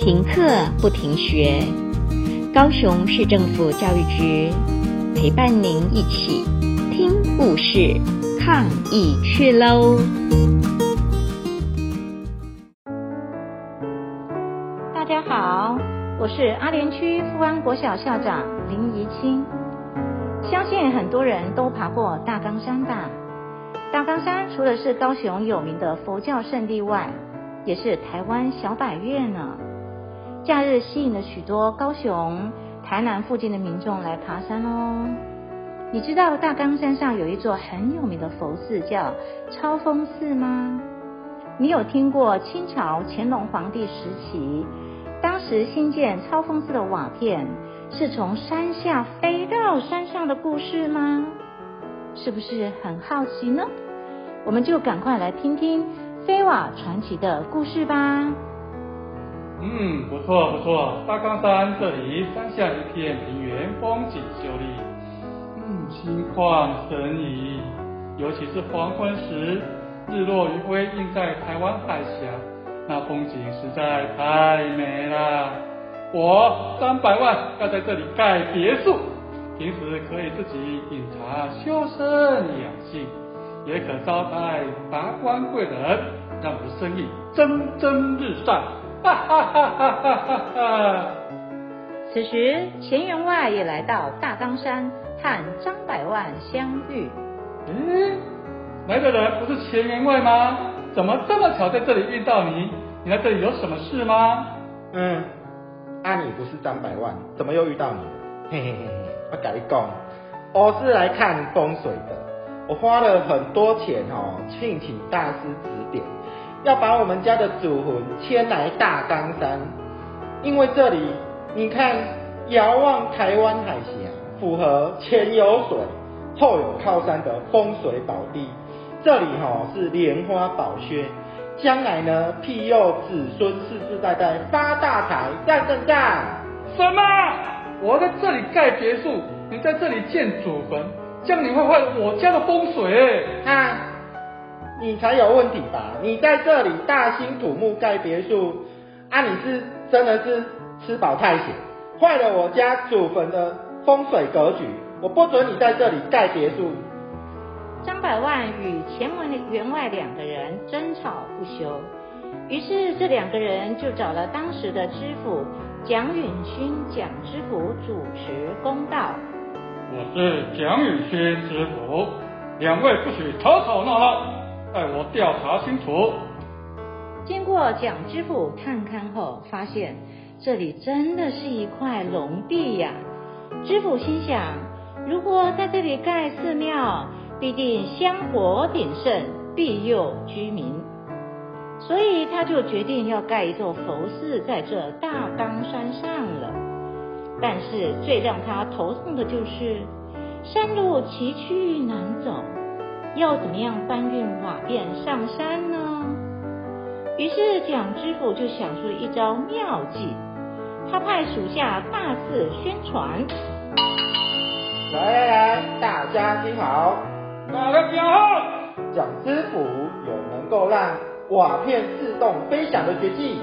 停課不停學，高雄市政府教育局陪伴您一起聽故事、抗疫趣嘍！大家好，我是阿蓮區復安國小校長林怡青。相信很多人都爬過大岡山吧？大岡山除了是高雄有名的佛教聖地外，也是臺灣小百岳呢。假日吸引了許多高雄、台南附近的民眾來爬山哦。你知道大岡山上有一座很有名的佛寺，叫超峰寺嗎？你有聽過清朝乾隆皇帝時期，當時興建超峰寺的瓦片是從山下飛到山上的故事嗎？是不是很好奇呢？我們就趕快來聽聽飛瓦傳奇的故事吧。嗯，不錯不錯，大岡山這裡山下一片平原，風景秀麗，嗯，心曠神怡。尤其是黃昏時，日落餘暉映在台灣海峽，那風景實在太美了。我三百萬要在這裡蓋別墅，平時可以自己飲茶修身養性，也可招待達官貴人，讓我的生意蒸蒸日上。哈 此時錢員外也來到大岡山，和張百萬相遇。嗯，來的人不是錢員外嗎？怎麼這麼巧在這裡遇到你？你來這裡有什麼事嗎？嗯，阿、啊、你不是張百萬，怎麼又遇到你？嘿嘿嘿嘿，我給你講，我是來看風水的，我花了很多錢哦，請請大師指點。要把我們家的祖墳遷來大崗山，因為這裡，你看，遙望台灣海峽，符合前有水，後有靠山的風水寶地。這裡哈、哦、是蓮花寶穴，將來呢庇佑子孫世世代代發大財。讚讚讚！什麼？我在這裡蓋別墅，你在這裡建祖墳，這樣你會壞了我家的風水、欸。啊你才有問題吧！你在這裡大興土木蓋別墅，啊，你是真的是吃飽太閒，壞了我家祖墳的風水格局，我不准你在這裡蓋別墅。張百萬與前文員外兩個人爭吵不休，於是這兩個人就找了當時的知府蔣允勛，蔣知府主持公道。我是蔣允勛知府，兩位不許吵吵鬧鬧。待我調查清楚。經過蔣知府探勘後，發現這裡真的是一塊龍地呀、啊！知府心想，如果在這裡蓋寺廟，必定香火鼎盛，庇佑居民。所以他就決定要蓋一座佛寺在這大岡山上了。但是最讓他頭痛的就是山路崎嶇難走。要怎麼樣搬運瓦片上山呢？於是蔣知府就想出了一招妙計，他派屬下大肆宣傳。來來來，大家聽好，打個標號。蔣知府有能夠讓瓦片自動飛翔的絕技，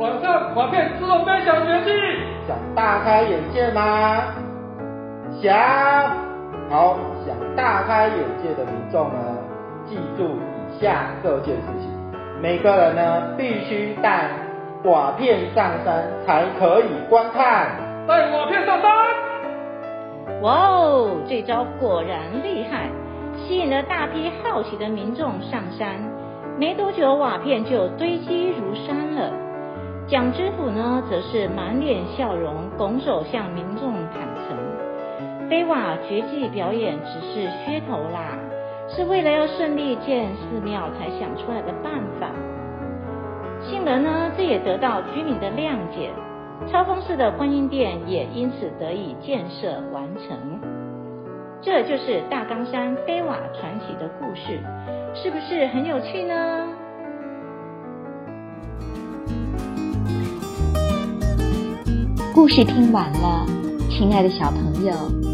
晚上瓦片自動飛翔的絕技，想大開眼界嗎？想。好，想大開眼界的民眾呢，記住以下這件事情。每個人呢，必須帶瓦片上山才可以觀看。帶瓦片上山！哇哦，這招果然厲害，吸引了大批好奇的民眾上山。沒多久，瓦片就堆積如山了。蔣知府呢，則是滿臉笑容，拱手向民眾坦誠。飛瓦絕技表演只是噱頭啦，是為了要順利建寺廟才想出來的辦法。幸而呢，這也得到居民的諒解，超峰寺的觀音殿也因此得以建設完成。這就是大崗山飛瓦傳奇的故事，是不是很有趣呢？故事聽完了，親愛的小朋友。